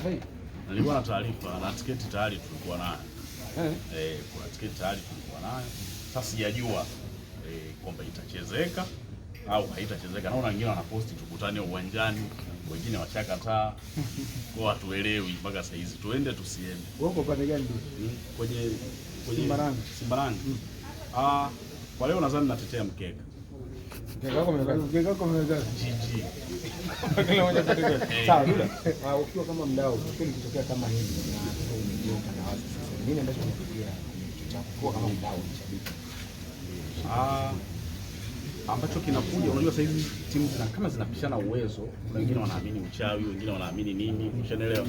taarifa hii? Nilikuwa na taarifa na tiketi tayari tulikuwa nayo. Eh. eh, kuna tiketi tayari tulikuwa nayo. Sasa sijajua eh, kwamba itachezeka au haitachezeka. Naona wengine wanaposti tukutane uwanjani, wengine washakataa. Kwa hatuelewi mpaka saa hizi. Tuende tusiende. Wewe uko pande gani ndio? Hmm, kwenye kwenye Simbarangi. Simbarangi. Hmm. Ah, kwa leo nadhani natetea mkeka ukiwa kama mdau kitokea kama hivi nini ambacho kama mdau ambacho kinakuja. Unajua, sasa hizi timu zina kama zinapishana uwezo, kuna wengine wanaamini uchawi, wengine wanaamini nini, ushaelewa.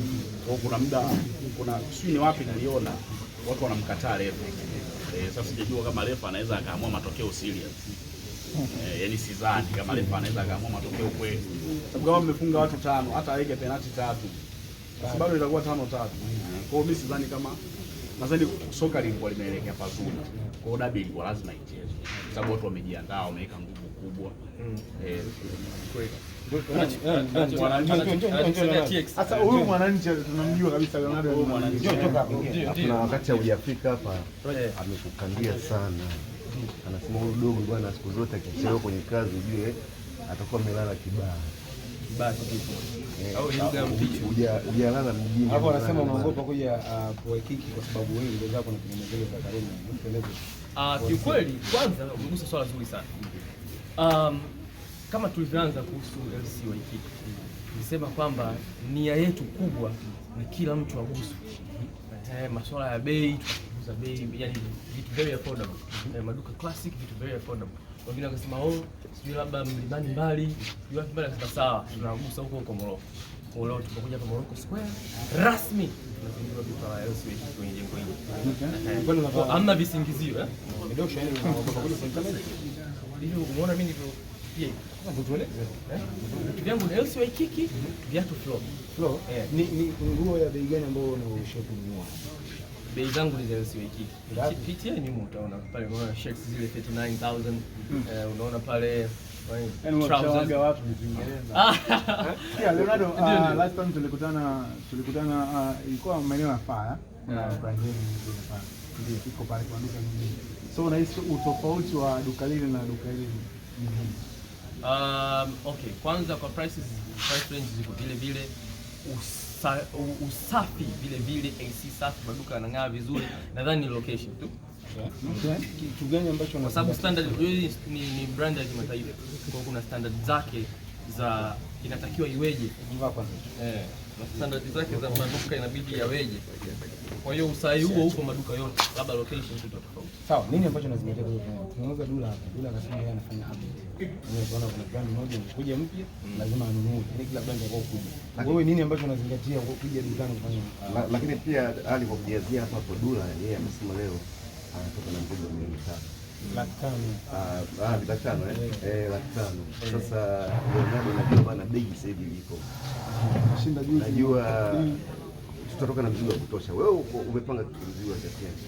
kwao. kuna muda, kuna sijui ni wapi niliona watu wanamkataa refa. Eh, sasa sijajua kama refa anaweza akaamua matokeo serious Eh, yani sidhani kama refa anaweza kaamua matokeo kweli, sababu kama mmefunga watu tano, hata aweke penalti tatu, bado itakuwa tano tatu. Kwa hiyo mimi sidhani kama nadhani soka lilikuwa linaelekea pazuri, kwao hiyo dabi ilikuwa lazima ichezwe, kwa sababu watu wamejiandaa, wameweka nguvu kubwa. Mm. Eh, Sasa huyu mwananchi tunamjua kabisa, kuna wakati aujafika hapa, amekukandia sana, anasema huyu dogo bwana, siku zote akichelewa kwenye kazi ujue atakuwa amelala kibaya. Kibati kipo eh, au lugha Hujalala mjini hapo, unaogopa kuja poekiki ah, kwa sababu wewe ndio zako na za Karume. ah, kiukweli, kwanza umegusa swala zuri sana. Um, kama tulivyoanza kuhusu LC Waikiki tulisema kwamba nia yetu kubwa ni kila mtu aguswe. Eh, masuala ya bei, tukuza bei, yani vitu very affordable. Eh, maduka classic, vitu very affordable wengine wakasema oh, sijui labda mlimani mbali, sijui mbali. Akasema sawa, tunagusa huko huko Moroko. Kwa leo Square rasmi tunazindua duka la kwenye jengo hili. visingizio eh? Ndio shauri kwa mimi ndio pia. Ah, eh? vyangu viatu flow. Flow? Eh. Ni ni nguo ya bei gani ambayo bei zangu ni za USWIC. Pitia ni Nyuma utaona pale unaona shirts zile 39000 mm. eh, unaona pale yaani Leonardo, uh, last time tulikutana tulikutana uh, ilikuwa maeneo ya faya iko pale So unahisi utofauti wa duka lile na duka lile um, okay, kwanza kwa prices price range ziko vile vile usa, usafi vile vile, AC safi, maduka yanang'aa vizuri. Nadhani ni location tu. Kitu gani ambacho kwa sababu standard ni, ni brand ya kimataifa kwa kuna standard zake za inatakiwa iweje eh, standard zake za maduka inabidi yaweje. Kwa hiyo usahihi huo huko maduka yote, labda location tu tofauti. Sawa, nini ambacho nazingatia kwa hiyo? Tunauza dola hapa. Dola akasema yeye anafanya update. Wewe unaona kuna brand moja imekuja mpya, lazima anunue. Ile kila brand itakuwa kubwa. Wewe nini ambacho unazingatia kwa kuja dukani kufanya? Lakini pia hali kwa kujazia hapa kwa dola yeye amesema leo anatoka na mkopo wa milioni tano. Laki tano. Ah, laki tano eh? Eh, laki tano. Sasa ndio najua bana bei sasa hivi iko. Shinda juu. Najua tutatoka na mzigo wa kutosha. Wewe umepanga mzigo wa kiasi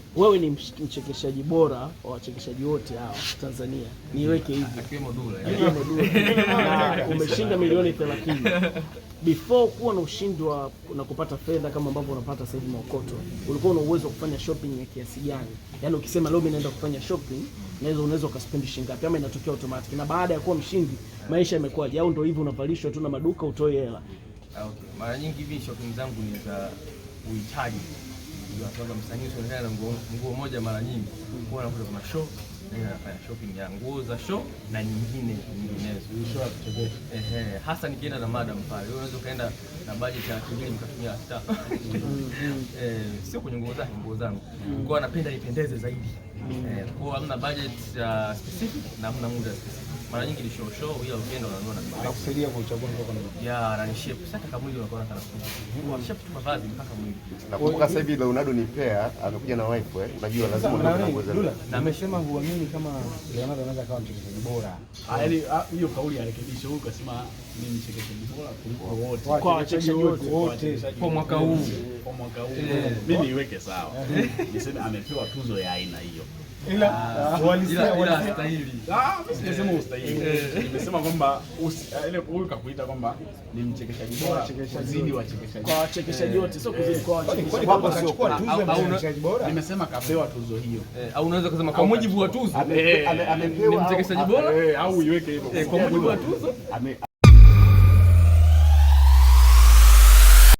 wewe ni mchekeshaji bora wa wachekeshaji wote hawa Tanzania, niweke hivi, umeshinda milioni 30. Before kuwa na ushindi wa na kupata fedha kama ambavyo unapata sasa hivi Maokoto, ulikuwa una uwezo wa kufanya shopping ya kiasi gani? Yaani ukisema leo mimi naenda kufanya shopping, naweza unaweza ukaspendi shilingi ngapi, ama inatokea automatic? Na baada ya kuwa mshindi, maisha yamekuwaje? Au ndio hivi unavalishwa tu na maduka utoe hela? Ah, okay, mara nyingi hivi shopping zangu ni za uhitaji kujua kwamba msanii usionekana na nguo moja mara nyingi, huwa anakuja kwa show na anafanya shopping ya nguo za show na nyingine nyinginezo. Ehe, hasa nikienda na madam pale, wewe unaweza ukaenda na budget ya elfu mbili mkatumia elfu mm-hmm. eh, sio kwenye nguo zake, nguo zangu kwao, anapenda nipendeze zaidi mm-hmm. eh, kwao, hamna budget ya specific na hamna muda specific mara nyingi ni show show, ila Lugendo ananua na anakusaidia kwa uchaguzi kwa kuna ya rani shape. sasa, kama mwili unakuwa kana kuna shape tu mavazi mpaka mwili. Nakumbuka sasa hivi Leonardo ni pair amekuja na wife eh, unajua lazima ndio kuongoza. Na amesema huamini kama Leonardo anaweza kawa mchezaji bora. Ah, yaani, ah hiyo kauli arekebisha huko akasema mimi kwa wachezaji wote kwa mwaka huu kwa Mimi niweke sawa, niseme amepewa tuzo ya aina hiyo, sijasema ustahili, nimesema kwamba huyu kakuita kwamba ni mchekeshaji bora kuzidi wachekeshaji kwa wachekeshaji wote, sio kuzidi kwa wachekeshaji bora. Kachukua tuzo ya mchekeshaji bora, nimesema kapewa tuzo hiyo, au unaweza kusema kwa mujibu wa tuzo amepewa mchekeshaji bora, au iweke hivyo kwa mujibu wa tuzo